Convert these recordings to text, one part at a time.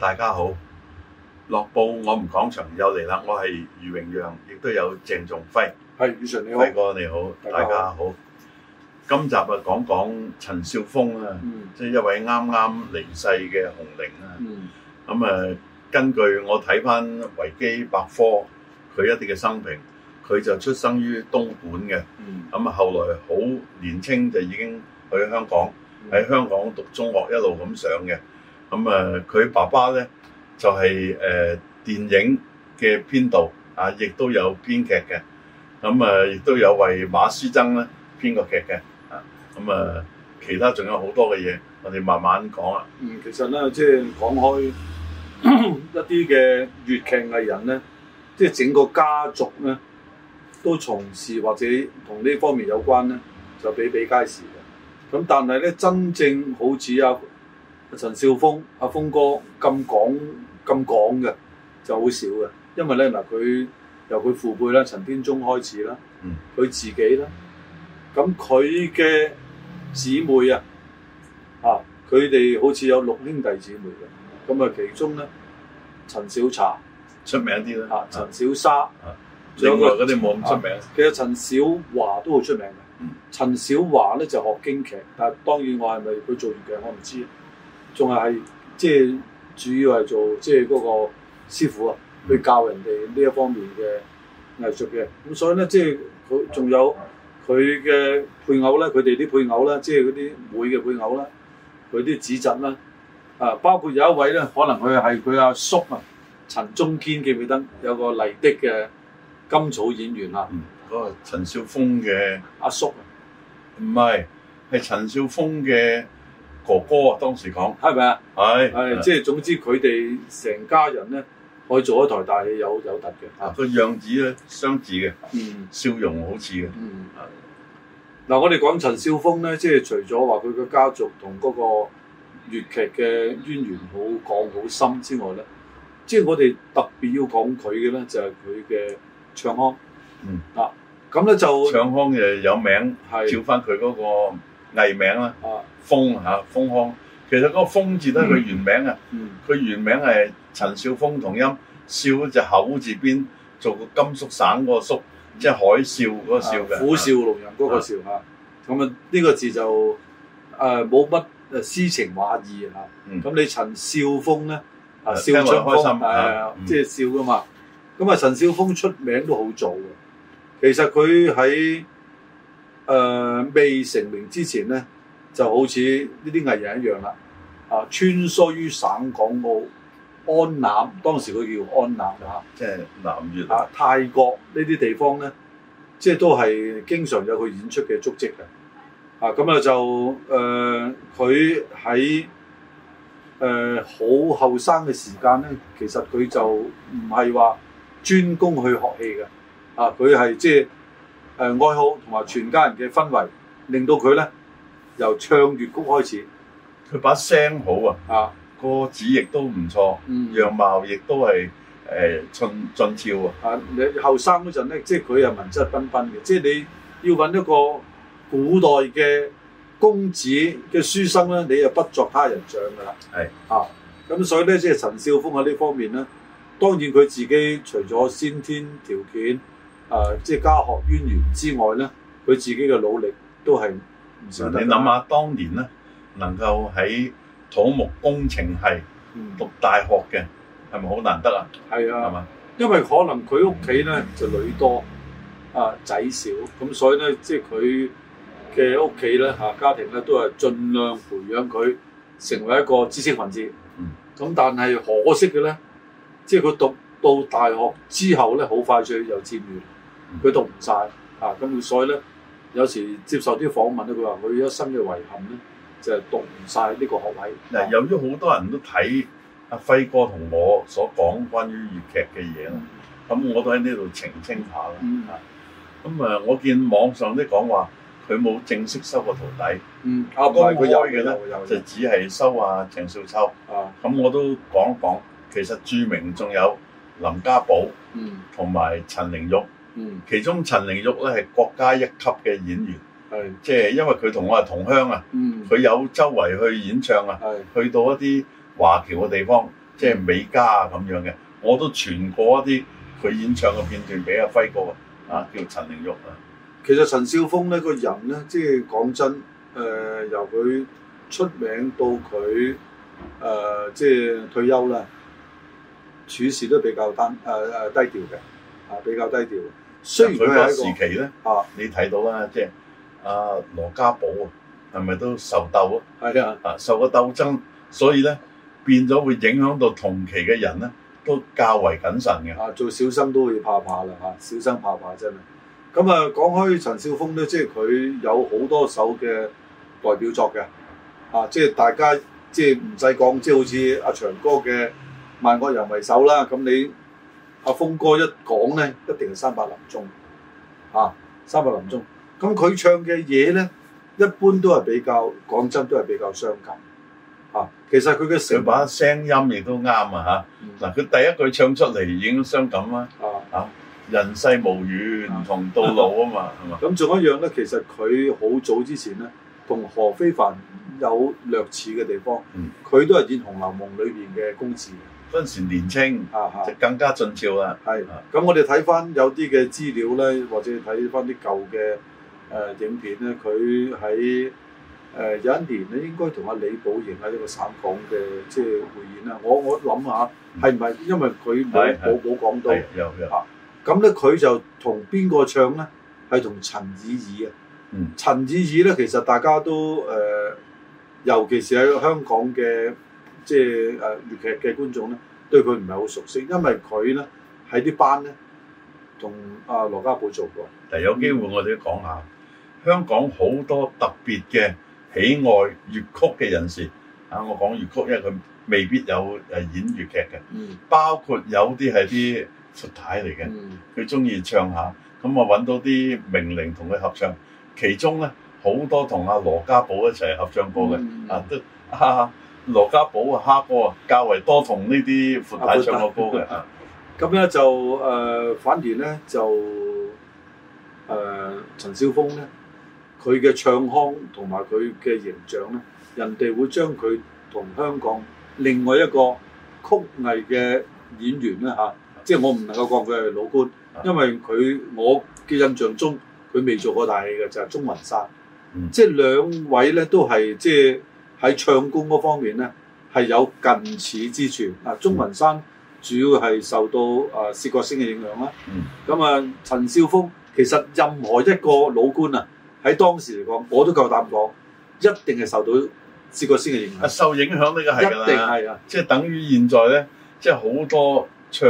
大家好，樂報我們講場又嚟啦，我係余榮陽，亦都有鄭仲輝。係餘馴你好，輝哥你好，大家好，大家好。今集啊講講陳笑風，啊，即係、嗯、一位啱啱離世嘅紅伶啊。咁啊、嗯嗯，根據我睇翻維基百科佢一啲嘅生平，佢就出生於東莞嘅，咁、嗯嗯、後來好年青就已經去香港喺、嗯、香港讀中學一路咁上嘅。咁、嗯就是呃、啊，佢爸爸咧就係誒電影嘅編導啊，亦都有編劇嘅。咁啊，亦都有為馬師曾咧編個劇嘅啊。咁啊，其他仲有好多嘅嘢，我哋慢慢講啊。嗯，其實咧，即、就、係、是、講開 一啲嘅粵劇藝人咧，即係整個家族咧都從事或者同呢方面有關咧，就比比皆是嘅。咁但係咧，真正好似阿、啊陳笑風，阿風哥咁講咁講嘅就好少嘅，因為咧嗱，佢由佢父輩咧陳天宗開始啦，佢、嗯、自己啦，咁佢嘅姊妹啊，啊，佢哋好似有六兄弟姊妹嘅，咁啊其中咧，陳小茶出名啲啦，啊，陳小莎，啊、有另外嗰啲冇咁出名、啊。其實陳小華都好出名嘅，嗯、陳小華咧就學京劇，但係當然我係咪佢做完劇，我唔知。仲係即係主要係做即係嗰個師傅啊，去教人哋呢一方面嘅藝術嘅。咁所以咧，即係佢仲有佢嘅配偶咧，佢哋啲配偶咧，即係嗰啲會嘅配偶啦，佢啲子侄啦。啊，包括有一位咧，可能佢係佢阿叔啊，陳中堅，記唔記得？有個麗的嘅甘草演員啊。嗯，嗰個陳笑風嘅阿、啊、叔啊，唔係係陳笑風嘅。哥哥當時講係咪啊？係係，即係總之佢哋成家人咧，可以做一台大戲有有突嘅，個樣子咧相似嘅，嗯，笑容好似嘅，嗯，嗱，我哋講陳笑風咧，即係除咗話佢嘅家族同嗰個粵劇嘅淵源好講好深之外咧，即係我哋特別要講佢嘅咧，就係佢嘅唱腔，嗯，嗱，咁咧就唱腔誒有名，係照翻佢嗰個。藝名啦，風吓風腔，其實嗰個風字都係佢原名啊。佢、嗯、原名係陳嘯風同音，嘯就口字邊，做金個甘肅省嗰個肅，即係海嘯嗰個嘯嘅。虎嘯龍人嗰個嘯嚇。咁啊，呢個字就誒冇乜誒詩情畫意嚇。咁、啊嗯、你陳笑風咧，笑出誒開心即係笑㗎嘛。咁、呃、啊，陳笑風出名都好早嘅。其實佢喺誒、呃、未成名之前咧，就好似呢啲藝人一樣啦，啊穿梭於省港澳、安南，當時佢叫安南嚇，即係南越啊，泰國呢啲地方咧，即係都係經常有佢演出嘅足跡嘅，啊咁啊就誒佢喺誒好後生嘅時間咧，其實佢就唔係話專攻去學戲嘅，啊佢係即係。誒、呃、愛好同埋全家人嘅氛圍，令到佢咧由唱粵曲開始，佢把聲好啊，啊個子亦都唔錯，嗯、樣貌亦都係誒俊俊俏啊！啊，你後生嗰陣咧，即係佢又文質彬彬嘅，嗯、即係你要揾一個古代嘅公子嘅書生咧，你又不作他人想噶啦。係是啊，咁所以咧，即係陳笑風喺呢方面咧，當然佢自己除咗先天條件。誒、呃，即係家學淵源之外咧，佢自己嘅努力都係唔少得。你諗下，當年咧能夠喺土木工程系讀大學嘅，係咪好難得啊？係是啊吧，係嘛？因為可能佢屋企咧就女多啊仔少，咁所以咧即係佢嘅屋企咧嚇家庭咧都係盡量培養佢成為一個知識分子。咁、嗯嗯、但係可惜嘅咧，即係佢讀到大學之後咧，好快脆又佔完。佢讀唔晒，啊！咁所以咧，有時接受啲訪問咧，佢話佢一生嘅遺憾咧，就係讀唔晒呢個學位。嗱，由於好多人都睇阿、啊、輝哥同我所講關於粵劇嘅嘢啦，咁我都喺呢度澄清下啦嚇。咁啊，我見網上啲講話佢冇正式收過徒弟，嗯，阿哥佢有嘅咧，就只係收阿鄭少秋啊。咁我都講一講，其實著名仲有林家寶，嗯，同埋陳玲玉。嗯，其中陳玲玉咧，係國家一級嘅演員，係即係因為佢同我係同鄉啊，佢、嗯、有周圍去演唱啊，的去到一啲華僑嘅地方，即係美加啊咁樣嘅，我都傳過一啲佢演唱嘅片段俾阿輝哥啊，叫陳玲玉啊。其實陳笑風呢個人咧，即係講真，誒、呃、由佢出名到佢誒即係退休啦，處事都比較低誒誒低調嘅。啊，比較低調。雖然嗰時期咧、啊，啊，你睇到啦，即係阿羅家寶啊，係咪都受鬥啊？係啊的，啊，受過鬥爭，所以咧變咗會影響到同期嘅人咧，都較為謹慎嘅。啊，做小生都會怕怕啦，嚇、啊，小生怕怕真係。咁啊，講開陳笑風咧，即係佢有好多首嘅代表作嘅，啊，即係大家即係唔使講，即係好似阿長哥嘅《萬惡淫為首》啦，咁你。阿風哥一講咧，一定係三百林鐘，嚇、啊、三百林鐘。咁佢唱嘅嘢咧，一般都係比較講真，都係比較傷感。嚇、啊，其實佢嘅成把聲音亦都啱啊嚇。嗱、嗯，佢、啊、第一句唱出嚟已經傷感啦。啊，啊，人世無緣、啊、同到老啊嘛，係嘛吧？咁仲吧有一樣咧，其實佢好早之前咧，同何非凡有略似嘅地方。佢、嗯、都係演紅裡《紅樓夢》裏邊嘅公子。嗰陣時年青，就更加俊俏啦。係，咁我哋睇翻有啲嘅資料咧，或者睇翻啲舊嘅誒影片咧，佢喺誒有一年咧，應該同阿李寶瑩喺一個省港嘅即係匯演啊。我我諗下，係唔係因為佢冇冇講到？有有。咁咧，佢就同邊個唱咧？係同陳綺怡啊。嗯。陳綺怡咧，其實大家都誒、呃，尤其是喺香港嘅。即係誒粵劇嘅觀眾咧，對佢唔係好熟悉，因為佢咧喺啲班咧同阿羅家寶做過。但有機會我講，我哋要講下香港好多特別嘅喜愛粵曲嘅人士啊！我講粵曲，因為佢未必有誒演粵劇嘅，嗯、包括有啲係啲闊太嚟嘅，佢中意唱下，咁啊揾到啲名伶同佢合唱，其中咧好多同阿、啊、羅家寶一齊合唱過嘅啊都啊。啊啊羅家寶啊、蝦哥啊，較為多同呢啲闊太唱過歌嘅。咁咧 就誒、呃，反而咧就誒，陳、呃、笑風咧，佢嘅唱腔同埋佢嘅形象咧，人哋會將佢同香港另外一個曲藝嘅演員咧嚇、啊，即係我唔能夠講佢係老倌，因為佢我嘅印象中佢未做過大戲嘅就係鍾雲山，嗯、即係兩位咧都係即係。喺唱功方面咧，係有近似之處。嗱，鐘雲山主要係受到啊薛覺先嘅影響啦。嗯。咁啊，陳笑風其實任何一個老官啊，喺當時嚟講，我都夠膽講，一定係受到薛覺先嘅影響。受影響呢個係一定係啊。即係等於現在咧，即係好多唱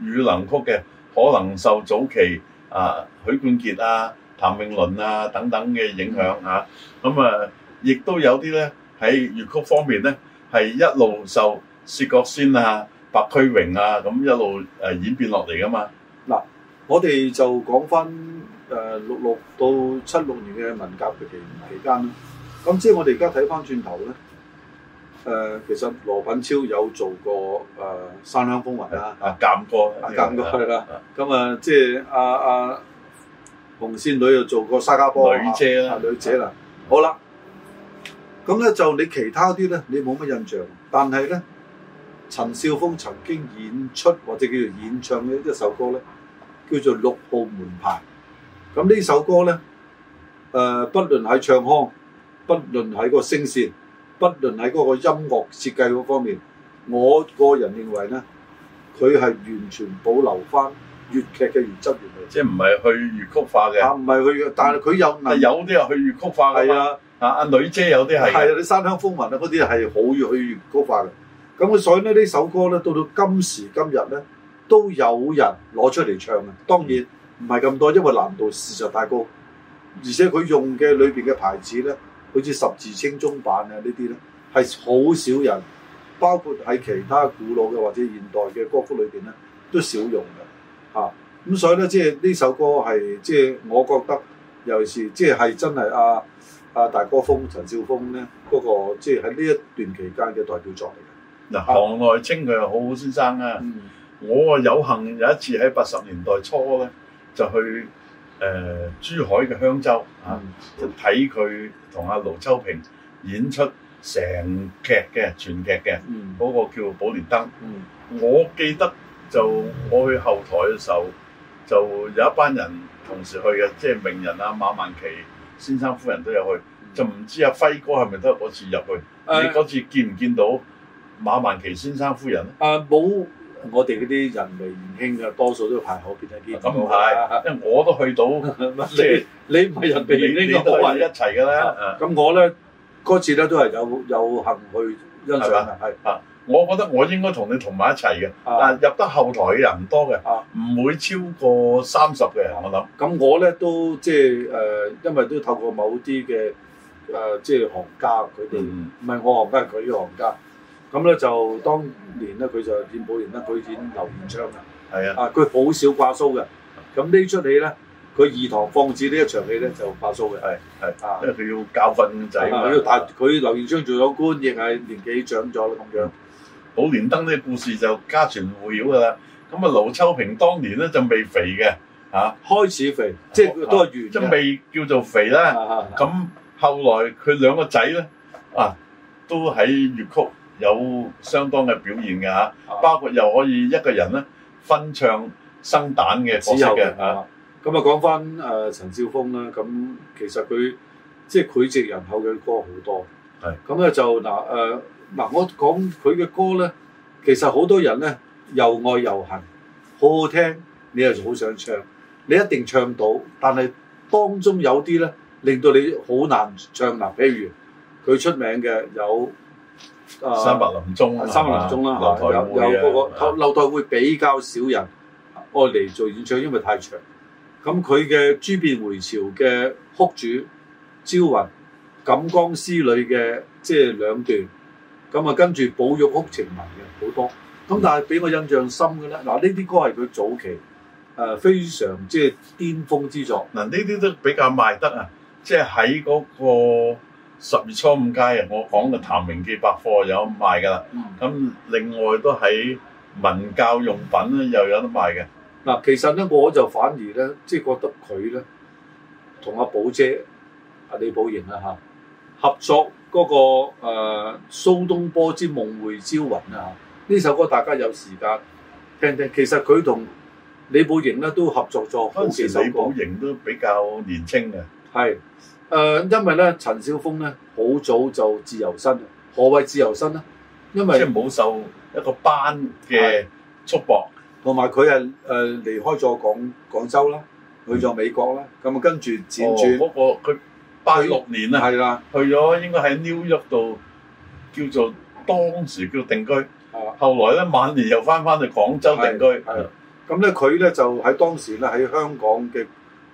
粵能曲嘅，可能受早期啊許冠傑啊、譚詠麟啊等等嘅影響嚇。咁啊，亦都有啲咧。喺粵曲方面咧，係一路受薛覺先啊、白駒榮啊咁一路誒演變落嚟噶嘛。嗱，我哋就講翻誒六六到七六年嘅文革時期期間啦。咁即係我哋而家睇翻轉頭咧，誒其實羅品超有做過誒《山鄉風雲》啦，啊鑑哥，啊鑑哥係啦。咁啊，即係阿阿紅線女又做過《沙家浜》啊，女姐啦，好啦。咁咧就你其他啲咧，你冇乜印象。但係咧，陳笑風曾經演出或者叫做演唱嘅一首歌咧，叫做《六號門牌》。咁呢首歌咧，誒、呃，不論喺唱腔，不論喺個聲線，不論喺嗰個音樂設計嗰方面，我個人認為咧，佢係完全保留翻。粵劇嘅原汁原味，越越即係唔係去粵曲化嘅。啊，唔係去，但係佢有，係、嗯、有啲係去粵曲化嘅。係啦、啊，啊阿女姐有啲係，係啊啲山鄉風雲啊嗰啲係好去粵曲化嘅。咁、嗯嗯、所以咧呢首歌咧到到今時今日咧都有人攞出嚟唱嘅。當然唔係咁多，因為難度事實太高，而且佢用嘅裏邊嘅牌子咧，好似、嗯、十字清中板啊呢啲咧，係好少人，包括喺其他古老嘅或者現代嘅歌曲裏邊咧，都少用。嚇！咁、啊、所以咧，即係呢首歌係即係我覺得，尤其是即係係真係阿阿大哥風陳笑風咧嗰個，即係喺呢一段期間嘅代表作嚟嘅。嗱、啊，行內稱佢係好好先生啊！嗯、我啊有幸有一次喺八十年代初咧，就去誒、呃、珠海嘅香洲就睇佢同阿盧秋萍演出成劇嘅全劇嘅嗰個叫蓮丹丹《寶蓮燈》。我記得。就我去後台嘅時候，就有一班人同時去嘅，即係名人啊，馬萬琪先生夫人都有去，就唔知阿輝哥係咪都係嗰次入去？你嗰次見唔見到馬萬琪先生夫人咧？冇，我哋嗰啲人微言輕嘅，多數都排後邊，見得見唔到啦。因為我都去到，即 你、你唔係人哋年輕嗰度話一齊㗎啦。咁我咧嗰次咧都係有有，有幸去欣賞。係啊。我覺得我應該同你同埋一齊嘅，但係入得後台嘅人唔多嘅，唔、啊、會超過三十嘅人，我諗。咁我咧都即係誒，因為都透過某啲嘅誒，即係行家佢哋，唔係、嗯、我行家，係佢行家。咁咧就當年咧，佢就演武連啦，佢演劉彥昌啊。係啊，啊佢好少掛鬚嘅。咁呢出戲咧，佢二堂放子呢一場戲咧就掛鬚嘅。係係，因為佢要教訓仔。但係佢劉彥昌做咗官，亦係、啊、年紀長咗咁樣。寶蓮燈呢故事，就家傳戶曉噶啦，咁啊劉秋平當年咧就未肥嘅，啊開始肥，即係多月，即係、啊、未叫做肥啦。咁後來佢兩個仔咧啊，都喺粵曲有相當嘅表現嘅吓，啊、包括又可以一個人咧分唱生蛋嘅角色嘅啊。咁啊講翻誒陳笑風啦，咁其實佢即係膾炙人口嘅歌好多，係咁咧就嗱誒。是嗱，我講佢嘅歌咧，其實好多人咧又愛又恨，好好聽，你又好想唱，你一定唱到，但係當中有啲咧令到你好難唱嗱，譬如佢出名嘅有、呃、山伯臨終、啊，山伯臨終啦吧台，有有，有個個樓吧台會比較少人愛嚟做演唱，因為太長。咁佢嘅朱弁回朝嘅哭主朝雲，錦江詩侶嘅即係兩段。咁啊，跟住保育屋情文嘅好多，咁但係俾我印象深嘅咧，嗱呢啲歌係佢早期誒、呃、非常即係巔峰之作，嗱呢啲都比較賣得啊，即係喺嗰個十月初五街啊，我講嘅譚明記百貨有賣噶啦，咁、嗯、另外都喺文教用品咧又有得賣嘅。嗱、嗯，其實咧我就反而咧，即、就、係、是、覺得佢咧同阿寶姐阿李寶瑩啊嚇合作嗰、那個誒、呃、蘇東坡之夢回朝雲啊！呢首歌大家有時間聽聽，其實佢同李寶瑩咧都合作咗好幾首歌。當時李寶瑩都比較年青嘅。係誒、呃，因為咧陳笑風咧好早就自由身，何謂自由身咧？因為冇受一個班嘅束縛，同埋佢係誒離開咗廣廣州啦，去咗美國啦。咁啊、嗯、跟住轉住。嗰佢、哦。八六年啊，係啦，去咗應該喺 New York 度叫做當時叫定居，啊、後來咧晚年又翻翻去廣州定居。咁咧佢咧就喺當時咧喺香港嘅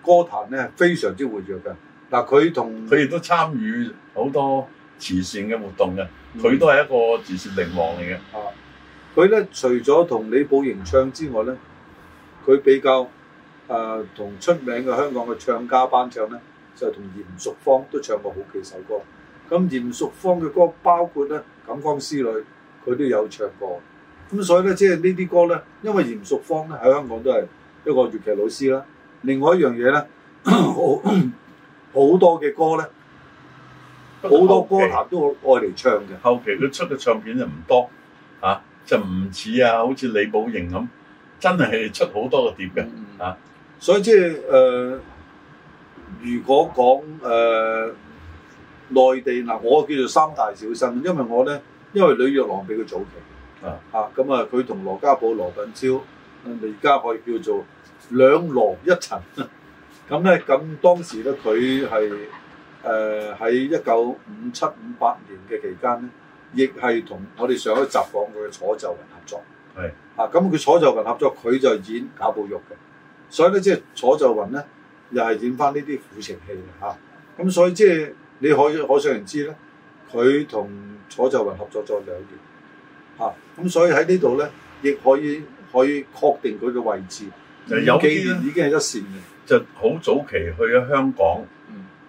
歌壇咧非常之活躍嘅。嗱、啊，佢同佢亦都參與好多慈善嘅活動嘅，佢、嗯、都係一個慈善伶王嚟嘅。佢咧、啊、除咗同李寶瑩唱之外咧，佢比較誒同、呃、出名嘅香港嘅唱家班唱咧。就同嚴淑芳都唱過好幾首歌，咁嚴淑芳嘅歌包括咧《錦江詩女》，佢都有唱過。咁所以咧，即係呢啲歌咧，因為嚴淑芳咧喺香港都係一個粵劇老師啦。另外一樣嘢咧，好好多嘅歌咧，好多歌壇都愛嚟唱嘅。後期佢出嘅唱片就唔多，嚇就唔似啊，好似李寶瑩咁，真係出好多個碟嘅嚇。所以即係誒。如果講誒內地嗱，我叫做三大小生，因為我咧，因為呂玉郎比佢早期啊嚇，咁啊佢同羅家寶、羅品超，而家可以叫做兩羅一陳。咁、啊、咧，咁、嗯嗯嗯、當時咧佢係誒喺一九五七五八年嘅期間咧，亦係同我哋上一集講嘅楚岫雲合作。係是啊，咁佢楚岫雲合作，佢就演賈寶玉嘅，所以咧即係楚岫雲咧。又係演翻呢啲苦情戲啦嚇，咁、啊、所以即係你可以可想而知咧，佢同楚岫雲合作咗兩年嚇，咁、啊、所以喺呢度咧亦可以可以確定佢嘅位置。有幾年已經係一線就好早期去咗香港，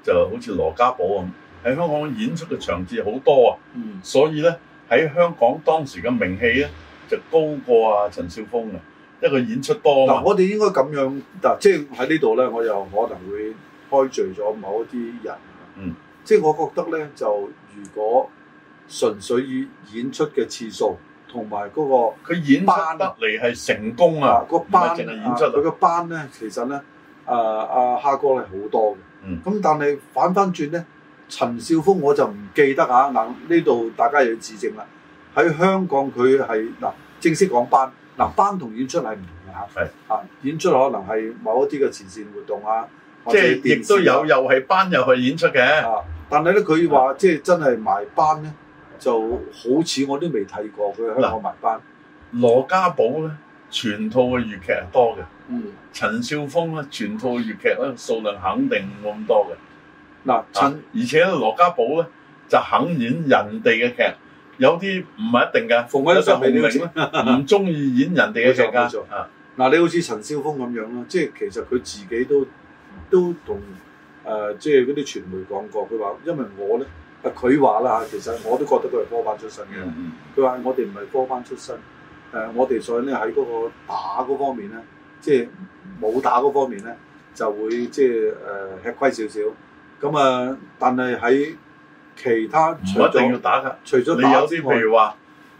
就好似羅家寶咁喺香港演出嘅場次好多啊，嗯、所以咧喺香港當時嘅名氣咧就高過啊陳笑風、啊。嘅。一個演出多嗱，我哋應該咁樣，嗱、啊，即係喺呢度咧，我又可能會開罪咗某一啲人。嗯，即係我覺得咧，就如果純粹以演出嘅次數同埋嗰個佢演翻得嚟係成功啊，個班演出啊，佢個班咧，其實咧，啊啊，哈哥係好多嘅。咁、嗯、但係反翻轉咧，陳笑風我就唔記得嚇，嗱呢度大家要指正啦。喺香港佢係嗱正式講班。嗱，班同演出係唔同嘅。係啊，演出可能係某一啲嘅慈善活動啊，即係亦都有又係班又去演出嘅，啊，但係咧佢話即係真係埋班咧，就好似我都未睇過佢可能香港埋班。啊、羅家寶咧，全套嘅粵劇係多嘅，嗯，陳笑風咧，全套粵劇咧數量肯定咁多嘅。嗱陳、啊、而且呢羅家寶咧就肯演人哋嘅劇。有啲唔係一定㗎，馮威一陣未明，唔中意演人哋嘅角色。嗱，你好似陳笑風咁樣啦，即係其實佢自己都都同誒即係嗰啲傳媒講過，佢話因為我咧，佢話啦其實我都覺得佢係科班出身嘅。佢話、嗯、我哋唔係科班出身，誒、呃、我哋所以咧喺嗰個打嗰方面咧，即係武打嗰方面咧就會即係誒、呃、吃虧少少。咁啊，但係喺其他唔一定要打噶，除咗你有啲譬如話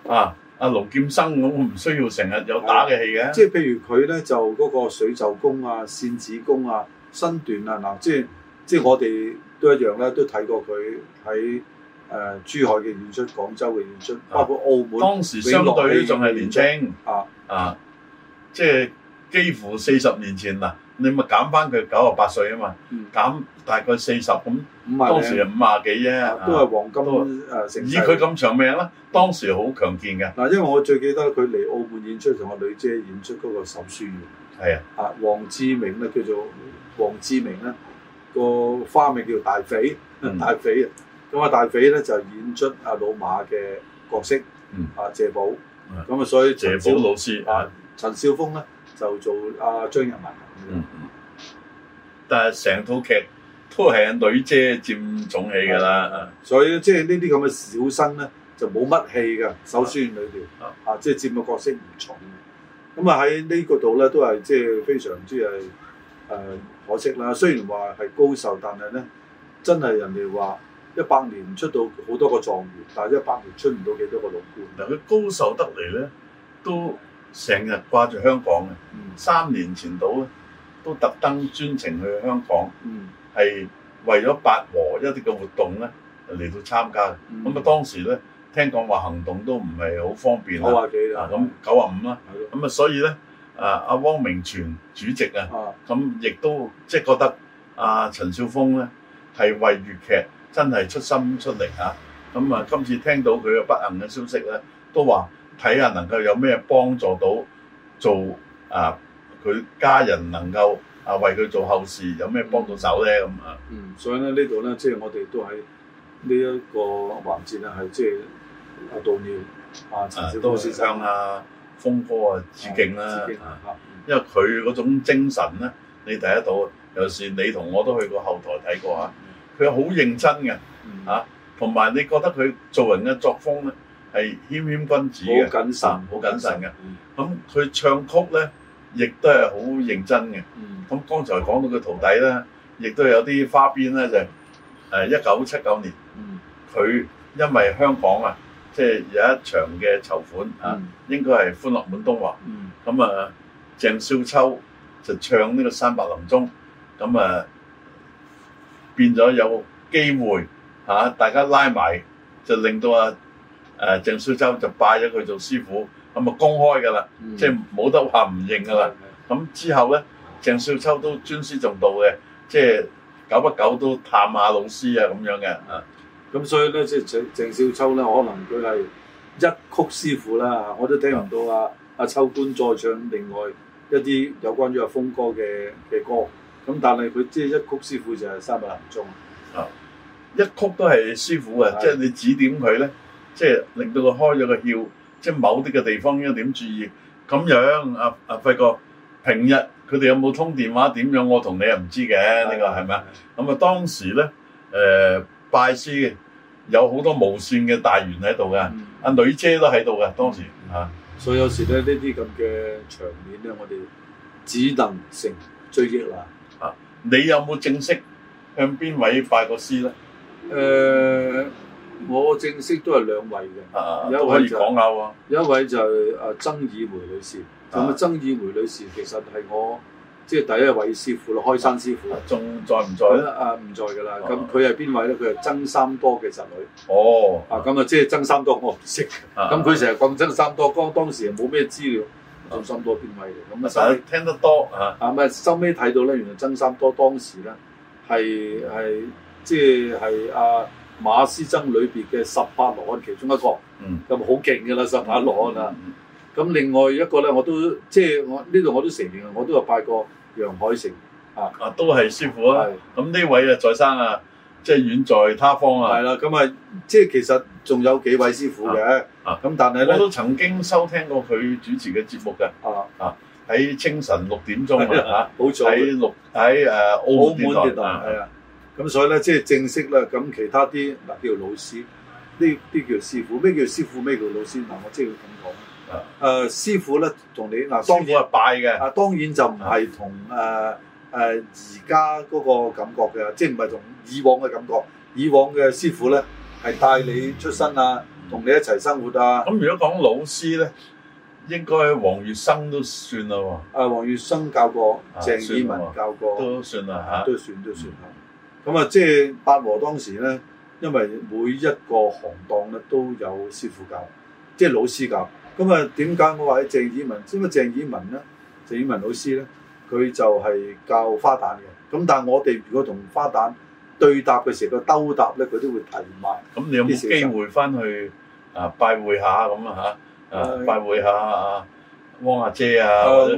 啊，阿龍劍笙咁，唔需要成日有打嘅戲嘅、啊啊。即係譬如佢咧，就嗰個水袖功啊、扇子功啊、身段啊，嗱，即係即係我哋都一樣咧，都睇過佢喺誒珠海嘅演出、廣州嘅演出，包括澳門。啊、當時相對仲係年輕啊啊，即係。幾乎四十年前嗱，你咪減翻佢九十八歲啊嘛，減大概四十咁，當時係五廿幾啫，都係黃金誒盛世以佢咁長命啦，嗯、當時好強健嘅。嗱，因為我最記得佢嚟澳門演出同個女姐演出嗰個搜書院，係啊，黃、啊、志明咧叫做黃志明啦，個花名叫大肥，嗯、大肥，咁啊大肥咧就演出阿老馬嘅角色，嗯，阿謝寶，咁啊所以、嗯、謝寶老師啊，陳笑風咧。就做阿、啊、張日文，嗯嗯，但係成套劇都係女姐佔重起㗎啦，嗯嗯、所以即係呢啲咁嘅小生咧就冇乜戲㗎，《首先院》裏邊啊，啊，即係佔嘅角色唔重，咁啊喺呢個度咧都係即係非常之係誒、呃、可惜啦。雖然話係高壽，但係咧真係人哋話一百年出到好多個狀元，但係一百年出唔到幾多個老倌。但佢高壽得嚟咧都。嗯嗯成日掛住香港嘅，三年前到咧都特登專程去香港，係為咗八和一啲嘅活動咧嚟到參加。咁啊當時咧聽講話行動都唔係好方便，九啊幾啦，咁九啊五啦。咁啊所以咧啊阿汪明荃主席啊，咁亦都即係覺得阿陳笑風咧係為粵劇真係出心出力嚇。咁啊今次聽到佢嘅不幸嘅消息咧，都話。睇下能夠有咩幫助到做啊，佢家人能夠啊為佢做後事有，有咩幫到手咧咁啊？嗯，所以咧呢度咧，即、就、係、是、我哋都喺呢一個環節呢、就是、啊，係即係阿悼念啊陳笑風先生啊，都啊，風哥啊致敬啦、啊，敬啊啊嗯、因為佢嗰種精神咧，你睇得到，尤其是你同我都去過後台睇過、嗯、啊，佢好認真嘅嚇，同埋你覺得佢做人嘅作風咧？係謙謙君子嘅，好謹慎，好謹慎嘅。咁佢唱曲咧，亦都係好認真嘅。咁剛才講到佢徒弟咧，亦都有啲花邊咧，就係誒一九七九年，佢因為香港啊，即係有一場嘅籌款啊，應該係歡樂滿東華。咁啊，鄭少秋就唱呢個《山伯臨終》，咁啊變咗有機會嚇，大家拉埋就令到啊。誒鄭少秋就拜咗佢做師傅，咁咪公開噶啦，即係冇得話唔認噶啦。咁之後咧，鄭少秋都尊師重道嘅，即係久不久都探下老師啊咁樣嘅。啊，咁所以咧，即係鄭鄭少秋咧，可能佢係一曲師傅啦。我都聽唔到阿阿秋官再唱另外一啲有關於阿風哥嘅嘅歌。咁但係佢即係一曲師傅就係三百零鐘啊，一曲都係師傅嘅，即係你指點佢咧。即係令到佢開咗個竅，即係某啲嘅地方應該點注意？咁樣啊啊，阿、啊、輝哥平日佢哋有冇通電話點樣？我同你又唔知嘅呢對、呢個係咪啊？咁啊當時咧，誒、呃、拜師嘅有好多無線嘅大員喺度嘅，阿、嗯啊、女姐都喺度嘅，當時、嗯、啊。所以有時咧呢啲咁嘅場面咧，我哋只能成追憶啦。啊，你有冇正式向邊位拜過師咧？誒、嗯。呃呃我正式都係兩位嘅，有一位講下，有一位就係曾以梅女士。咁啊，曾以梅女士其實係我即係第一位師傅咯，開山師傅。仲在唔在？啊，唔在㗎啦。咁佢係邊位咧？佢係曾三多嘅侄女。哦。啊，咁啊，即係曾三多，我唔識。咁佢成日講曾三多，剛當時又冇咩資料，曾三多邊位嘅？咁啊，但係聽得多。啊。啊咪收尾睇到咧，原來曾三多當時咧係係即係係阿。馬師曾裏邊嘅十八羅漢其中一個，咁好勁㗎啦，十八羅漢啦。咁、嗯嗯、另外一個咧，我都即係我呢度我都承認嘅，我都有拜過楊海誠啊，啊都係師傅啊。咁呢是位啊在生啊，即、就、係、是、遠在他方啊。係啦，咁啊，即係其實仲有幾位師傅嘅，咁、啊啊、但係咧我都曾經收聽過佢主持嘅節目嘅。啊啊，喺清晨六點鐘啊，好早，喺六喺誒、呃、澳門電台啊。咁、 啊、所以咧，即係正式咧。咁其他啲嗱，老叫老師，呢啲叫師傅。咩叫師傅？咩叫老師？嗱，我即係咁講啦。啊，師傅咧，同你嗱，師傅啊，係拜嘅。啊，當然就唔係同誒誒而家嗰個感覺嘅，即係唔係同以往嘅感覺。以往嘅師傅咧，係帶你出身啊，同、嗯、你一齊生活啊。咁、嗯嗯嗯嗯嗯、如果講老師咧，應該黃月生都算啦喎、哦。啊，黃月生教過，鄭以文教過，都算啦嚇，都算都算。啊啊啊啊啊啊咁啊，即係八和當時咧，因為每一個行當咧都有師傅教，即係老師教。咁啊，點解我話喺鄭以文？知唔知鄭以文咧，鄭以文老師咧，佢就係教花旦嘅。咁但係我哋如果同花旦對答嘅時候，個兜搭咧，佢都會提埋。咁你有冇機會翻去啊拜會下咁啊嚇？啊，啊拜會下啊！汪阿姐啊，或者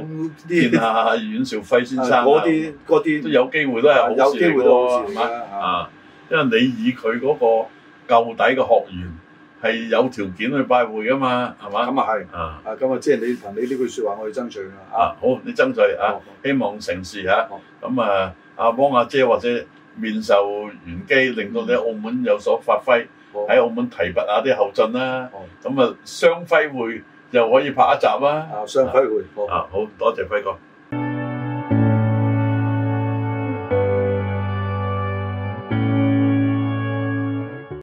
見下阮兆輝先生嗰啲，啲都有機會，都係好事嚟嘅係嘛？啊，因為你以佢嗰個舊底嘅學員，係有條件去拜會嘅嘛，係嘛？咁啊係啊，咁啊即係你憑你呢句説話，我要爭取啊，好，你爭取啊，希望成事嚇。咁啊，阿汪阿姐或者面授玄機，令到你喺澳門有所發揮，喺澳門提拔下啲後進啦。咁啊，雙輝會。又可以拍一集啦，啊，啊雙軌好,好,好多謝輝哥。